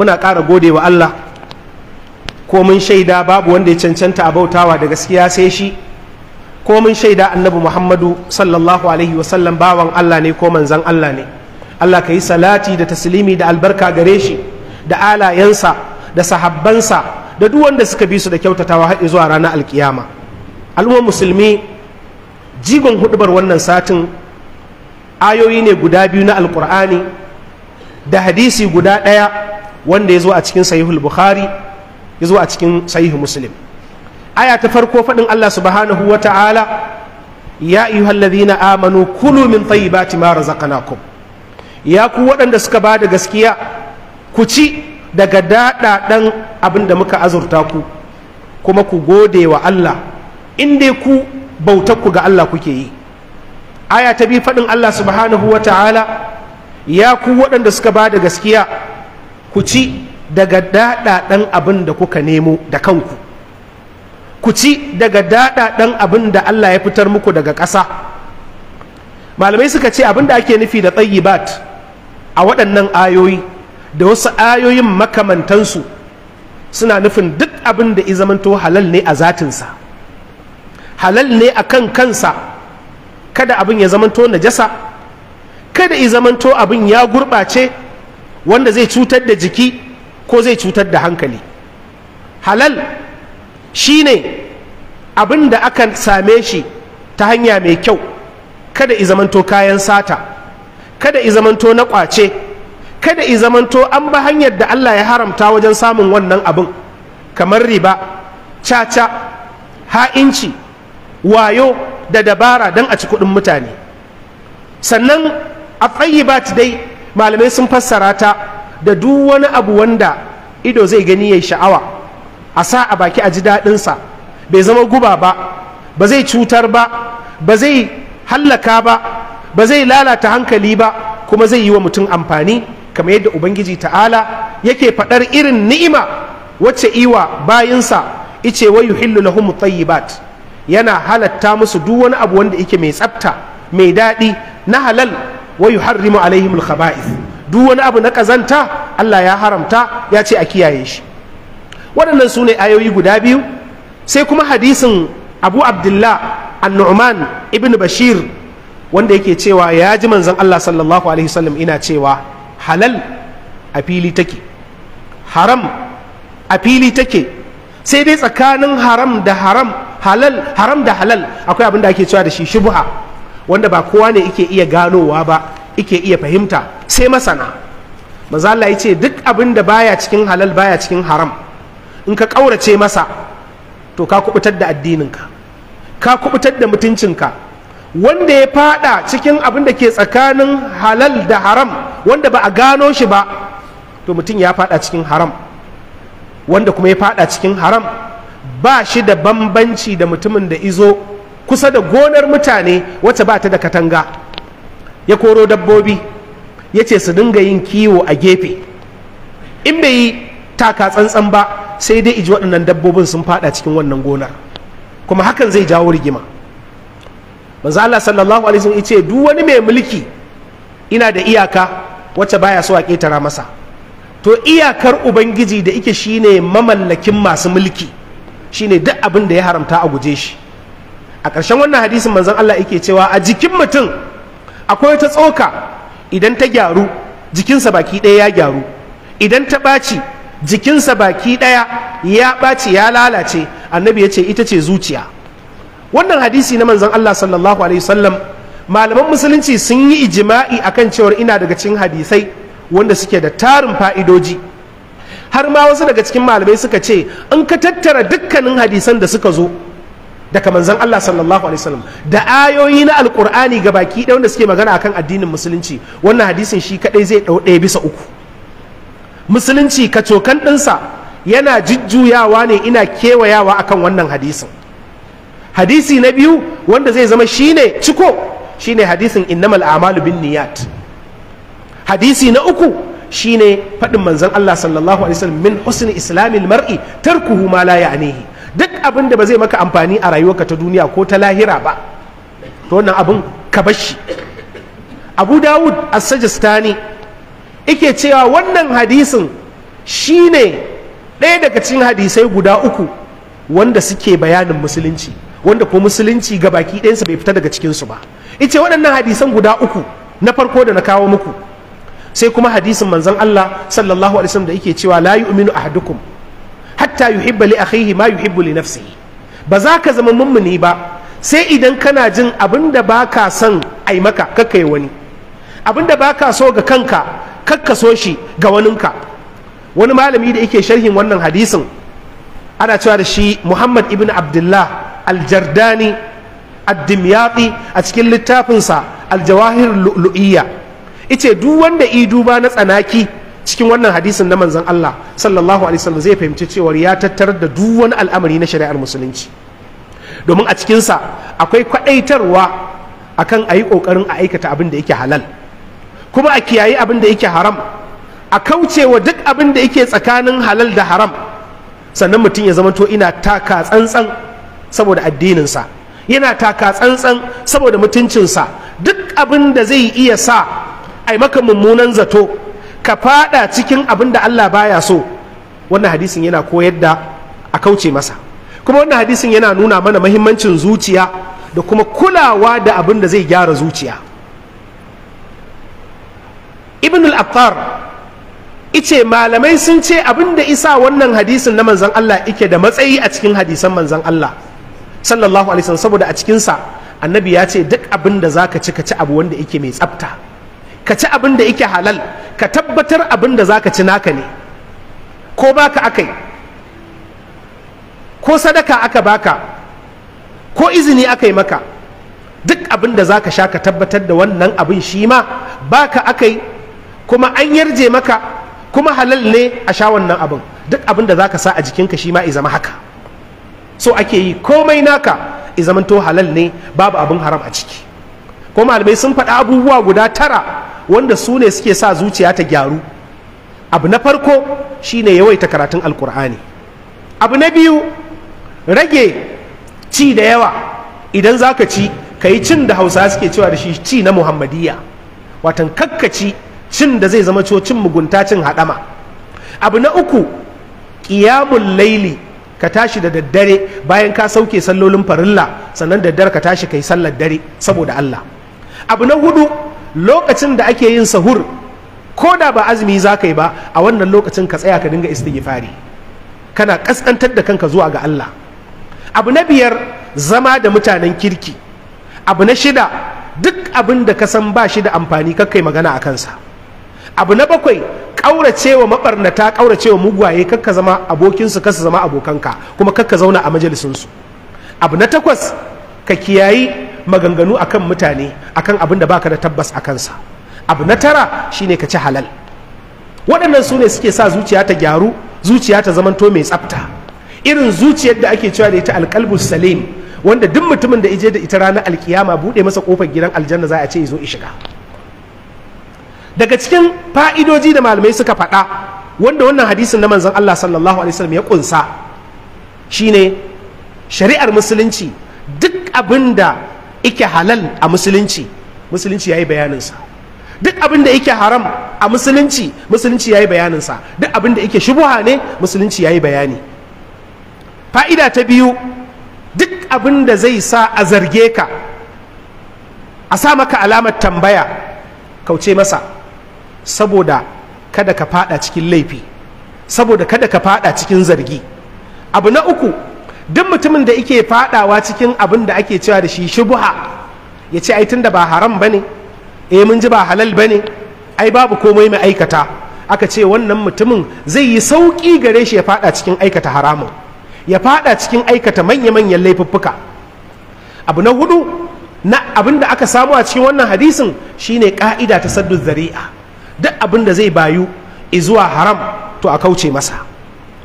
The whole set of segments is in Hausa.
muna ƙara gode wa Allah ko mun shaida babu wanda ya cancanta a bautawa da gaskiya sai shi ko mun shaida annabi Muhammadu sallallahu alaihi wasallam bawan Allah ne ko manzan Allah ne Allah ka yi salati da taslimi da albarka gare shi da alayensa da sahabbansa da duk wanda suka bi su da kyautatawa har zuwa ranar alkiyama al'ummar musulmi jigon hudubar wannan satin ayoyi ne guda biyu na alkur'ani da hadisi guda ɗaya wanda ya zo a cikin sahihul bukhari ya zo a cikin sahihul muslim aya ta farko faɗin allah subhanahu wa ta'ala ya ayyuhalladhina amanu kulu min tayyibati ma razaqnakum ya ku waɗanda suka ba da gaskiya ku ci daga daɗaɗan abin da muka azurta ku kuma ku gode wa Allah in dai ku bautar ku ga Allah kuke yi aya ta bi faɗin Allah subhanahu wa ta'ala ya ku waɗanda suka ba da gaskiya ku ci daga daɗaɗen abin da kuka nemo da kanku ku ci daga daɗaɗen abin da Allah ya fitar muku daga ƙasa malamai suka ce abin da ake nufi da bat a waɗannan ayoyi da wasu ayoyin makamantansu suna nufin duk abin da izamanto halal ne a zatinsa halal ne a kan kansa kada abin ya zamanto najasa kada izamanto abin ya gurɓace wanda zai cutar da jiki ko zai cutar da hankali halal shi ne abin da aka same shi ta hanya mai kyau kada izamanto kayan sata kada izamanto na kwace kada izamanto an ba hanyar da Allah ya haramta wajen samun wannan abin kamar riba caca ha'inci wayo da dabara don a ci kudin mutane sannan a tsayi dai malamai sun fassara ta da duk wani abu wanda ido zai gani yayi sha'awa a sa a baki a ji daɗinsa bai zama guba ba ba zai cutar ba ba zai hallaka ba ba zai lalata hankali ba kuma zai yi wa mutum amfani kamar yadda ubangiji ta'ala yake faɗar irin ni'ima wacce iwa bayinsa ice wa yuhillu lahum tayyibat yana halatta musu duk wani abu wanda yake mai tsafta mai daɗi na halal wa yuharrimu alaihim al duk wani abu na kazanta Allah ya haramta ya ce a kiyaye shi waɗannan su ne ayoyi guda biyu sai kuma hadisin Abu Abdullah An-Nu'man ibn Bashir wanda yake cewa ya ji manzon Allah sallallahu alaihi wasallam ina cewa halal a fili take haram a fili take sai dai tsakanin haram da haram halal haram da halal akwai abin da ake cewa da shi shubha wanda ba kowa ne ike iya ganowa ba ike iya fahimta sai masana mazala ya ce duk abin da baya cikin halal baya cikin haram in ka ƙaurace masa to ka kubutar da addininka ka kubutar da mutuncinka wanda ya fada cikin abin da ke tsakanin halal da haram wanda ba a gano shi ba to mutum ya fada cikin haram wanda kuma ya fada cikin haram ba shi da bambanci da mutumin da izo kusa da gonar mutane wacce ba ta da katanga ya koro dabbobi ya ce su dinga yin kiwo a gefe in bai yi taka tsantsan ba sai dai iji waɗannan dabbobin sun fada cikin wannan gonar kuma hakan zai jawo rigima manzo Allah sallallahu alaihi wasallam yace duk wani mai mulki ina da iyaka wacce baya so a ketara masa to iyakar ubangiji da ike shine mamallakin masu mulki shine duk abin da ya haramta a guje shi a ƙarshen wannan hadisin manzon Allah yake cewa a jikin mutum akwai ta tsoka idan ta gyaru jikinsa baki ɗaya ya gyaru idan ta ɓaci jikinsa baki ɗaya ya ɓaci ya lalace annabi ya ce ita ce zuciya wannan hadisi na manzon Allah sallallahu alaihi wasallam malaman musulunci sun yi ijima'i akan cewar ina daga cikin hadisai wanda suke da tarin fa'idoji har ma wasu daga cikin malamai suka ce in ka tattara dukkanin hadisan da suka zo daga manzon Allah sallallahu alaihi wasallam da ayoyi na alkur'ani ga baki ɗaya wanda suke magana akan addinin musulunci wannan hadisin shi kadai zai dau ɗaya bisa uku musulunci kacokan ɗinsa yana jujjuyawa ne ina kewayawa akan wannan hadisin hadisi na biyu wanda zai zama shine ciko shine hadisin innamal a'malu bin niyat hadisi na uku shine faɗin manzon Allah sallallahu alaihi wasallam min husni islamil mar'i tarkuhu ma la ya'nihi duk abin da ba zai maka amfani a rayuwarka ta duniya ko ta lahira ba to wannan abin ka bar shi abu dawud as-sajistani yake cewa wannan hadisin shine ɗaya daga cikin hadisai guda uku wanda suke bayanin musulunci wanda ko musulunci ga baki ɗayansa bai fita daga cikinsu ba ice waɗannan hadisan guda uku na farko da na kawo muku sai kuma hadisin manzon Allah sallallahu alaihi wasallam da yake cewa la yu'minu ahadukum hatta yuhibba li akhihi ma yuhibbu li nafsihi ba za ka zama mummuni ba sai idan kana jin abin da ba ka son ai maka kakka yi wani abin da ba ka so ga kanka kakka so shi ga waninka wani malami da yake sharhin wannan hadisin ana cewa da shi muhammad ibn abdullah aljardani addimyati a cikin littafinsa aljawahir lu'lu'iyya ice duk wanda i duba na tsanaki cikin wannan hadisin na manzon Allah sallallahu alaihi wasallam zai fahimci cewa ya tattar da duk wani al'amari na shari'ar musulunci domin a cikinsa akwai kwaɗaitarwa akan ayi kokarin a aikata abin da yake halal kuma a kiyaye abin da yake haram a kauce wa duk abin da yake tsakanin halal da haram sannan mutum ya zama to ina taka tsantsan saboda addininsa yana taka tsantsan saboda mutuncinsa duk abin da zai iya sa ai maka mummunan zato ka fada cikin abin da Allah baya so wannan hadisin yana koyar da a kauce masa kuma wannan hadisin yana nuna mana mahimmancin zuciya da kuma kulawa da abin da zai gyara zuciya ibn al-attar ice malamai sun ce abin da isa wannan hadisin na manzan Allah ike da matsayi a cikin hadisan manzan Allah sallallahu alaihi wasallam saboda a sa annabi ya ce duk abin da zaka ci ka ci abu wanda yake mai tsafta ka ci abin da yake halal ka tabbatar abin da za ka ci naka ne ko baka aka ko sadaka aka baka ko izini aka yi maka duk abin da za ka sha ka tabbatar da wannan abin shi ma baka aka yi kuma an yarje maka kuma halal ne a sha wannan abin duk abin da za ka sa a jikinka shi ma zama haka so ake yi komai naka zamanto halal ne babu abin haram a ciki ko malamai sun faɗa abubuwa guda tara wanda su ne suke sa zuciya ta gyaru abu na farko shine yawaita karatun alkur'ani abu na biyu rage ci da yawa idan za ka ci ka yi cin da hausa suke cewa da shi ci na muhammadiyya watan kakkaci cin da zai zama cocin mugunta cin haɗama abu na uku ƙiyamun laili ka tashi da daddare bayan ka sauke sallolin farilla sannan daddare ka tashi ka yi sallar dare saboda allah abu na hudu lokacin da ake yin sahur ko da ba azumi za ka yi ba a wannan lokacin ka tsaya ka dinga istighfari kana ƙasƙantar da kanka zuwa ga Allah abu na biyar zama da mutanen kirki abu na shida duk abin da ka san ba shi da amfani kai magana a kansa abu na bakwai ƙauracewa maɓarnata ƙauracewa mugwaye kakka zama abokinsu kasu zama abokanka kuma kakka zauna a majalisinsu abu na takwas ka kiyayi maganganu akan mutane akan abin da baka da tabbas a kansa abu na tara shine ka ci halal waɗannan su ne suke sa zuciya ta gyaru zuciya ta zamanto mai tsafta irin zuciyar da ake cewa da ita alƙalbu salim wanda duk mutumin da ije da ita ranar alkiyama buɗe masa ƙofar gidan aljanna za a ce zo shiga daga cikin fa'idoji da malamai suka faɗa wanda wannan hadisin na manzon Allah sallallahu alaihi wasallam ya kunsa shine shari'ar musulunci duk abin da ike halal a musulunci musulunci ya yi bayaninsa duk abin da yake haram a musulunci musulunci ya yi bayaninsa duk abin da yake shubuha ne musulunci ya yi bayani fa'ida ta biyu duk abin da zai sa a zarge ka a sa maka alamar tambaya kauce masa saboda kada ka fada cikin laifi saboda kada ka fada cikin zargi abu na uku duk mutumin da yake fadawa cikin abin da ake cewa da shi shubuha ya ce ai tun da ba haram ba ne? eh mun ji ba halal ba ne? ai babu komai mai aikata aka ce wannan mutumin zai yi sauƙi gare shi ya fada cikin aikata haramun ya fada cikin aikata manya-manyan laifuffuka abu na hudu na abin da aka samu a cikin wannan hadisin shine ka'ida ta saddu zari'a duk abin da zai bayu izuwa haram to a kauce masa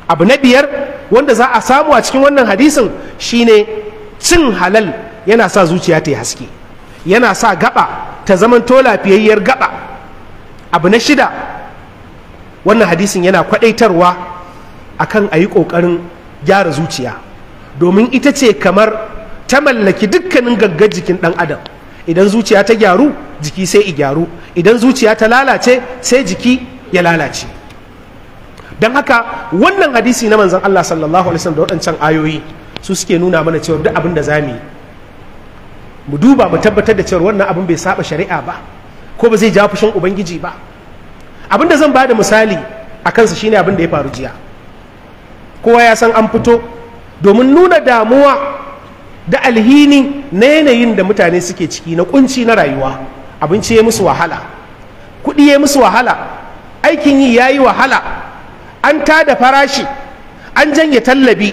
abu na biyar wanda za a samu a cikin wannan hadisin shine cin halal yana sa zuciya ta yi haske yana sa gaba ta zaman tola lafiyayyar gaba abu na shida wannan hadisin yana kwadaitarwa akan a yi ƙoƙarin gyara zuciya domin ita ce kamar ta mallaki dukkanin gangar jikin ɗan adam idan zuciya ta gyaru jiki sai i gyaru idan zuciya ta lalace sai jiki ya lalace don haka wannan hadisi na manzon Allah sallallahu alaihi wasallam da waɗancan ayoyi su suke nuna mana cewa duk abin da za mu yi mu duba mu tabbatar da cewa wannan abin bai saba shari'a ba ko ba zai ja fushin ubangiji ba abin da zan ba da misali a kansa shine abin da ya faru jiya kowa ya san an fito domin nuna damuwa da alhini na yanayin da mutane suke ciki na kunci na rayuwa abinci ya musu wahala kuɗi ya musu wahala aikin yi ya yi wahala an tada farashi an janye tallabi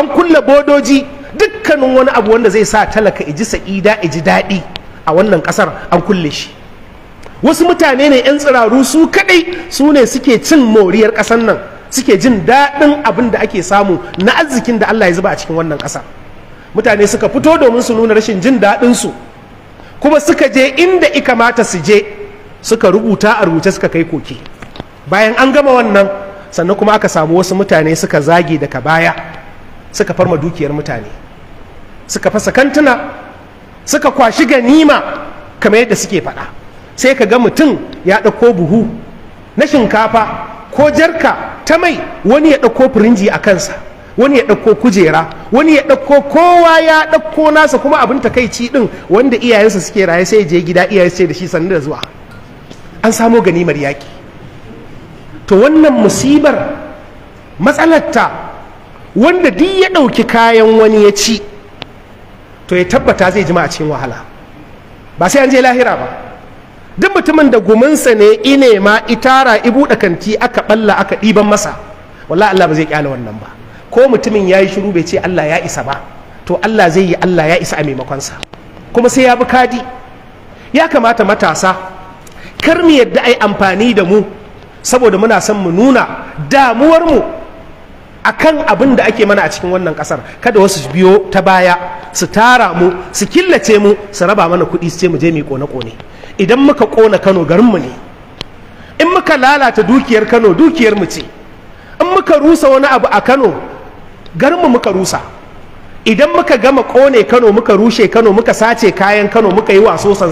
an kulle bodoji dukkanin wani abu wanda zai sa talaka iji sa'ida iji daɗi a wannan ƙasar an kulle shi wasu mutane ne 'yan tsiraru su kaɗai su ne suke cin moriyar ƙasar nan suke jin daɗin abin da ake samu na arzikin da Allah ya zuba a cikin wannan ƙasa mutane suka fito domin su nuna rashin jin daɗin su kuma suka je inda ikamata su je suka rubuta a rubuce suka kai koke bayan an gama wannan sannan kuma aka samu wasu mutane suka zage daga baya suka farma dukiyar mutane suka fasa kantuna suka kwashi ganima kamar yadda suke faɗa sai ka ga mutum ya ɗauko buhu na shinkafa ko jarka ta mai wani ya ɗauko firinji a kansa wani ya ɗauko kujera wani ya ɗauko kowa ya ɗauko nasa kuma abin takaici ɗin wanda iyayensa suke raye sai ya je gida iyayensa ce da shi sannu da zuwa an samo ganimar yaki. to wannan musibar matsalarta wanda duk ya ɗauki kayan wani ya ci to ya tabbata zai jima a cikin wahala ba sai an je lahira ba duk mutumin da guminsa ne ine ma itara ibuɗe kanti aka ɓalla aka ɗiban masa wallahi Allah ba zai wannan ba ko mutumin ya yi shiru bai ce Allah ya isa ba to Allah zai yi Allah ya isa a maimakonsa kuma sai ya bi kadi ya kamata matasa kar mu yadda ai amfani da mu saboda muna son mu nuna damuwarmu kan abin da ake mana a cikin wannan kasar kada wasu biyo ta baya su tara mu su killace mu su raba mana kuɗi su ce mu je mu kone kone idan muka kona Kano garin mu ne in muka lalata dukiyar Kano dukiyar mu ce in muka rusa wani abu a Kano garin muka rusa idan muka gama kone Kano muka rushe Kano muka sace kayan Kano muka yi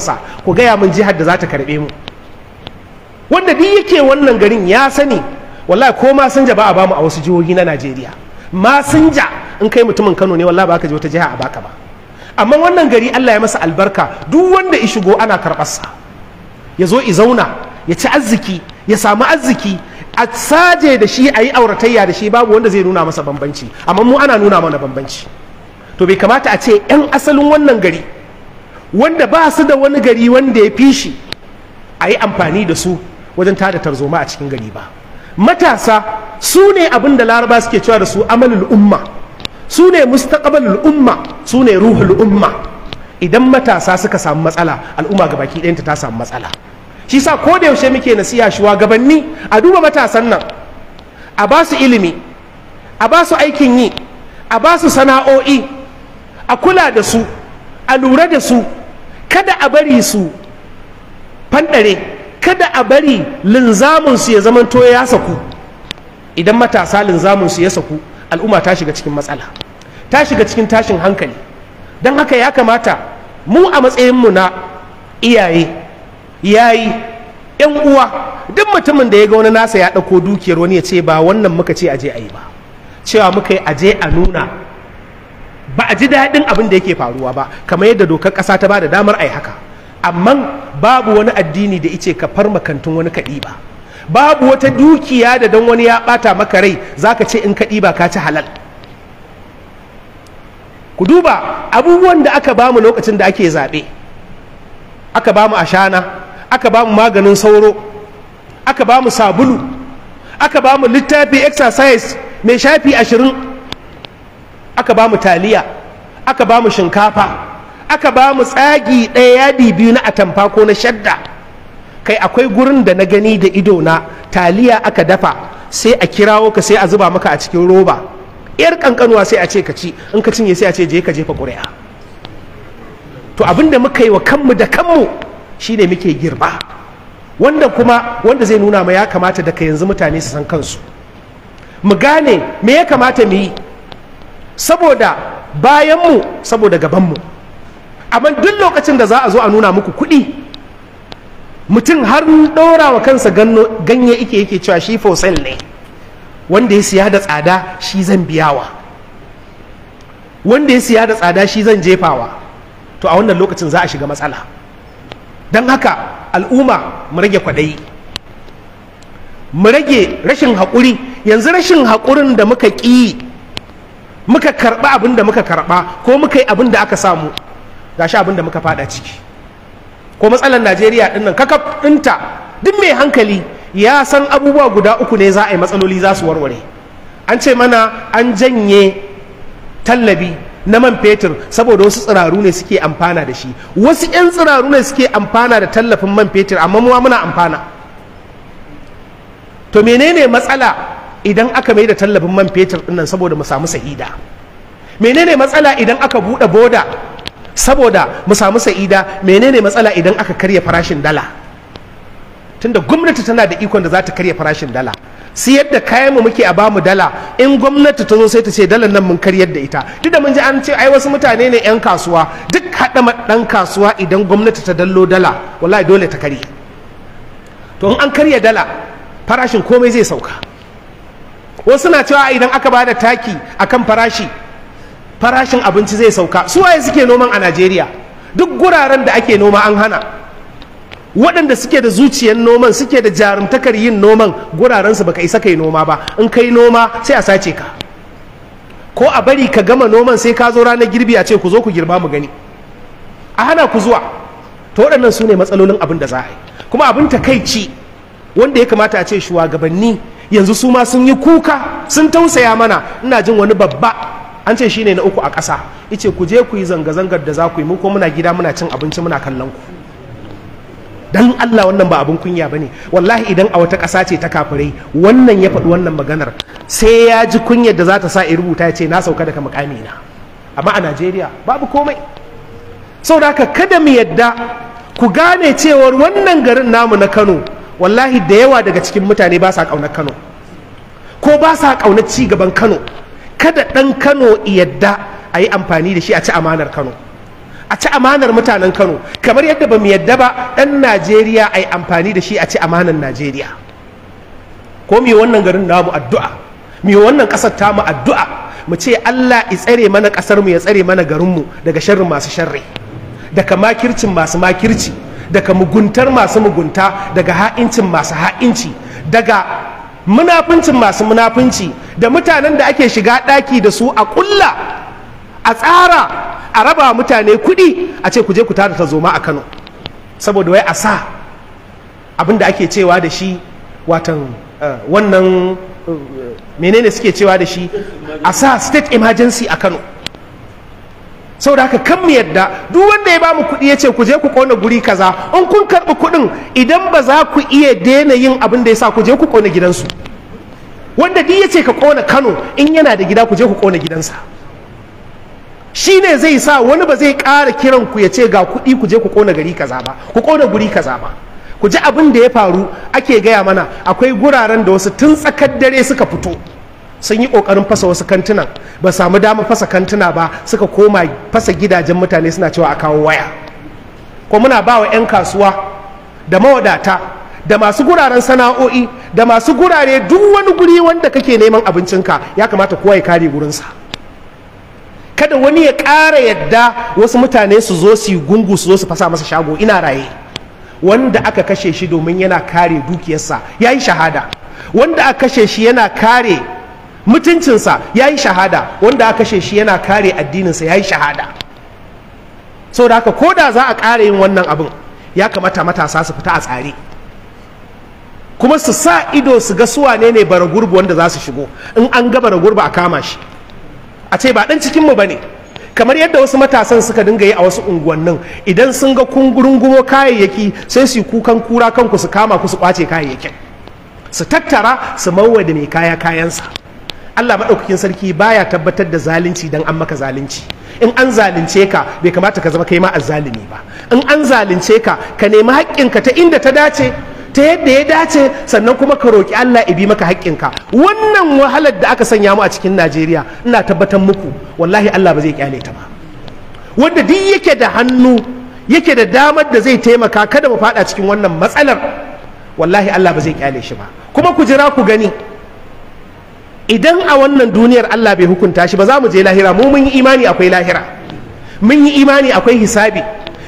sa ku gaya mun jihar da za ta karɓe mu wanda duk yake wannan garin ya sani wallahi ko masinja ba a bamu a wasu jihohi na najeriya masinja in kai mutumin kano ne wallahi ba ka je wata jiha a baka ba amma wannan gari allah ya masa albarka duk wanda ya shigo ana sa, ya zo i zauna ya ci arziki ya samu arziki a saje da shi a yi auratayya da shi babu wanda zai nuna masa bambanci amma mu ana nuna mana bambanci to bai kamata a ce 'yan asalin wannan gari wanda ba su da wani gari wanda ya fi shi a yi amfani da su wajen tada tarzoma a cikin gari ba matasa su ne abin da laraba suke cewa da su amalul umma su ne mustaqbalul umma su ne ruhul umma idan matasa suka samu matsala al'umma gabaki ɗayanta ta samu matsala shi sa ko da yaushe muke nasiha gabanni a duba matasan nan a ba su ilimi a ba su aikin yi a ba su sana'o'i a kula da su a lura da su kada a bari su fanɗare kada a bari linzaminsu ya zamanto ya saku idan matasa linzaminsu ya saku al'umma ta shiga cikin matsala ta shiga cikin tashin hankali don haka ya kamata mu a matsayinmu na iyaye yayi yan uwa duk mutumin da ya ga wani nasa ya ɗauko dukiyar wani ya ce ba wannan muka ce aje a yi ba cewa muka yi aje a nuna ba a ji daɗin abin da yake faruwa ba kamar yadda dokar ƙasa ta ba da damar a yi haka amma babu wani addini da ice ka farma kantin wani kaɗi ba babu wata dukiya da don wani ya ɓata maka rai za ka ce in kaɗi ba ka ci halal ku duba abubuwan da aka bamu lokacin da ake zaɓe aka bamu ashana aka bamu maganin sauro aka bamu sabulu aka bamu littafi exercise mai shafi ashirin aka bamu taliya aka bamu shinkafa aka ba mu tsagi ɗaya yadi biyu na atamfa ko na shadda kai akwai gurin da na gani da ido na taliya aka dafa sai a kirawo ka sai a zuba maka a cikin roba yar kankanuwa sai a ce ka ci in ka cinye sai a ce je ka jefa ƙuri'a to abin da muka yi wa kanmu da kanmu shine muke girba wanda kuma wanda zai nuna ma ya kamata daga yanzu mutane su san kansu mu gane me ya kamata mu yi saboda bayanmu saboda gabanmu amma duk lokacin da za a zo a nuna muku kuɗi mutum har ɗora wa kansa ganye ike yake cewa shi fosil ne wanda ya siya da tsada shi zan biyawa wanda ya siya da tsada shi zan jefawa to a wannan lokacin za a shiga matsala don haka al'umma mu rage kwaɗayi mu rage rashin haƙuri yanzu rashin haƙurin da muka ƙi muka karɓa abin da muka karɓa ko muka yi abin da aka samu sha abin da muka fada ciki ko matsalar najeriya din nan kakaf ɗinta duk mai hankali ya san abubuwa guda uku ne za a yi matsaloli za su warware an ce mana an janye tallabi na man fetur saboda wasu tsiraru ne suke amfana da shi wasu 'yan tsiraru ne suke amfana da tallafin man fetur amma muwa muna amfana to menene matsala idan aka mai da tallafin man fetur dinnan saboda mu samu sahida menene matsala idan aka buɗe boda saboda mu samu sa'ida menene matsala idan aka karya farashin dala tunda gwamnati tana da ikon da za ta karya farashin dala si yadda kayan mu muke a bamu dala in gwamnati ta zo sai ta ce dalar nan mun karyar da ita duk da mun ji an ce ai wasu mutane ne yan kasuwa duk haɗa ɗan kasuwa idan gwamnati ta dallo dala wallahi dole ta karye to in an karya dala farashin komai zai sauka wasu na cewa idan aka bada taki akan farashi farashin abinci zai sauka su waye suke noman a najeriya duk guraren da ake noma an hana waɗanda suke da zuciyar noman suke da jarumtakar yin noman gurarensu baka isa kai noma ba in kai noma sai a sace ka ko a bari ka gama noman sai ka zo ranar girbi a ce ku zo ku girba mu gani a hana ku zuwa to waɗannan su ne matsalolin abin da za a yi kuma abin takaici wanda ya kamata a ce shugabanni yanzu su ma sun yi kuka sun tausaya mana ina jin wani babba an ce shine na uku a ƙasa ice ku je ku yi zanga-zangar da za ku yi mu ko muna gida muna cin abinci muna kallon ku dan Allah wannan ba abin kunya bane wallahi idan a wata ƙasa ce ta kafirai wannan ya faɗi wannan maganar sai ya ji kunyar da za ta sa ya rubuta ya ce na sauka daga mukami na amma a Najeriya babu komai saboda aka kada mu yadda ku gane cewar wannan garin namu na Kano wallahi da yawa daga cikin mutane ba sa ƙaunar Kano ko ba sa ƙaunar ci gaban Kano kada ɗan kano yadda a yi amfani da shi a ci amanar kano a ci amanar mutanen kano kamar yadda ba mu yadda ba ɗan najeriya a yi amfani da shi a ci amanar najeriya ko mu wannan garin mu addu'a mu wannan ƙasar ta mu addu'a mu ce allah ya tsare mana ƙasar mu ya tsare mana garin mu daga sharrin masu sharri daga makircin masu makirci daga muguntar masu mugunta daga ha'incin masu ha'inci daga munafincin masu munafinci da mutanen da ake shiga ɗaki da su a ƙulla a tsara a raba mutane kuɗi a ce ku je ku tada tarzoma a kano saboda wai a sa abin da ake cewa da shi watan eh, wannan eh, menene suke cewa da shi a sa state emergency a kano Sau da haka kan mu yadda duk wanda ya ba mu kuɗi ya ce ku je ku ƙona guri kaza in kun karɓi kuɗin idan ba za ku iya daina yin abin da ya sa ku je ku ƙona gidansu wanda duk ya ce ka ƙona kano in yana da gida ku je ku ƙona gidansa shi ne zai sa wani ba zai ƙara kiran ku ya ce ga kuɗi ku je ku ƙona gari kaza ba ku ƙona guri kaza ba ku ji abin da ya faru ake gaya mana akwai guraren da wasu tun tsakar dare suka fito sun yi kokarin fasa wasu kantunan ba samu damar fasa kantuna ba suka koma fasa gidajen mutane suna cewa a kawo waya ko muna ba wa 'yan kasuwa da mawadata da masu guraren sana'o'i da masu gurare duk wani guri wanda kake neman abincinka ya kamata kowa ya kare gurinsa kada wani ya ƙara yadda wasu mutane su zo su gungu su zo su fasa masa shago ina raye wanda aka kashe shi domin yana kare dukiyarsa ya yi shahada wanda aka kashe shi yana kare mutuncinsa ya yi shahada wanda aka kashe shi yana kare addininsa ya yi shahada sau da haka koda za a kare yin wannan abin ya kamata matasa su fita a tsare kuma su sa ido su ga suwa ne ne baragurbu wanda za su shigo in an ga baragurbu a kama shi a ce ba ɗan cikinmu ba ne kamar yadda wasu matasan suka dinga yi a wasu unguwannin idan sun ga gumo kayayyaki sai su yi kukan kura kanku su kama ku su kwace kayayyakin su tattara su mawa da mai kaya kayansa Allah maɗaukakin sarki baya tabbatar da zalunci dan an maka zalunci in an zalunce ka bai kamata ka zama kai ma zalumi ba in an zalunce ka ka nemi haƙƙinka ta inda ta dace ta yadda ya dace sannan kuma ka roƙi Allah ibi maka haƙƙinka wannan wahalar da aka sanya mu a cikin Najeriya ina tabbatar muku wallahi Allah ba zai kyale ta ba wanda duk yake da hannu yake da damar da zai taimaka kada mu faɗa cikin wannan matsalar wallahi Allah ba zai kyale shi ba kuma ku jira ku gani idan a wannan duniyar Allah bai hukunta shi ba za mu je lahira mu mun yi imani akwai lahira mun yi imani akwai hisabi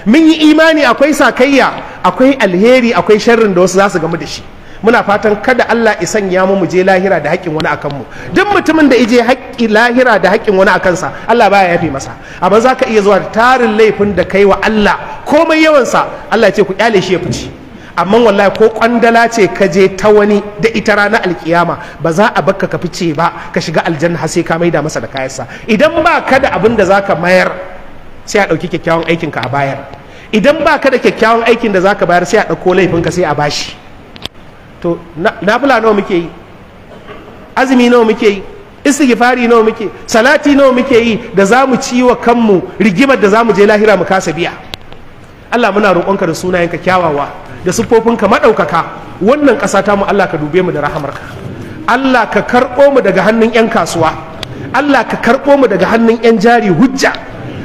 mun yi imani akwai sakayya akwai alheri akwai sharrin da wasu za su gamu da shi muna fatan kada Allah ya sanya mu mu je lahira da haƙƙin wani akan mu duk mutumin da ije haƙƙi lahira da haƙƙin wani akan sa Allah baya yafe masa amma zaka iya zuwa tarin laifin da kai wa Allah komai yawan sa Allah ya ce ku kyale shi ya fice amma wallahi ko kwandala ce ka je ta wani da ita rana alkiyama ba za a bakka ka fice ba ka shiga aljanna har sai ka maida masa da kayansa idan ba ka da abin da zaka mayar sai a ɗauki kyakkyawan aikin ka a bayar idan ba ka da kyakkyawan aikin da zaka bayar sai a ɗauko laifin ka sai a bashi to nafila nawa muke yi azumi nawa muke yi istighfari nawa muke salati nawa muke yi da za mu ci wa kanmu rigimar da za mu je lahira mu kasa biya Allah muna roƙonka da sunayenka kyawawa da siffofinka maɗaukaka wannan ƙasa ta mu Allah ka dube mu da rahamarka Allah ka karɓo mu daga hannun 'yan kasuwa Allah ka karɓo mu daga hannun 'yan jari hujja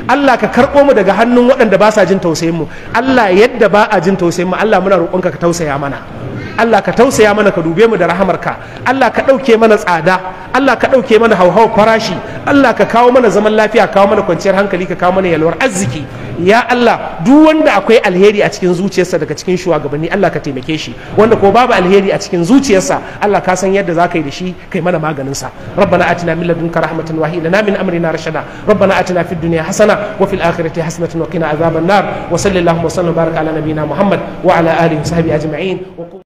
Allah ka karɓo mu daga hannun waɗanda ba sa jin tausayin mu Allah yadda ba a jin tausayin mu Allah muna roƙonka ka tausaya mana Allah ka tausaya mana ka dube mu da rahamarka Allah ka ɗauke mana tsada Allah ka ɗauke mana hauhawar farashi Allah ka kawo mana zaman lafiya kawo mana kwanciyar hankali ka kawo mana yalwar arziki ya Allah duk wanda akwai alheri a cikin zuciyarsa daga cikin shugabanni Allah ka taimake shi wanda ko babu alheri a cikin zuciyarsa Allah ka san yadda za ka yi da shi kai mana maganin sa rabbana atina min ladunka rahmatan wa hilana min amrina rashada rabbana atina fid dunya hasana wa fil akhirati hasanatan wa qina azaban nar wa sallallahu wa sallam baraka ala nabiyyina muhammad wa ala alihi wa sahbihi ajma'in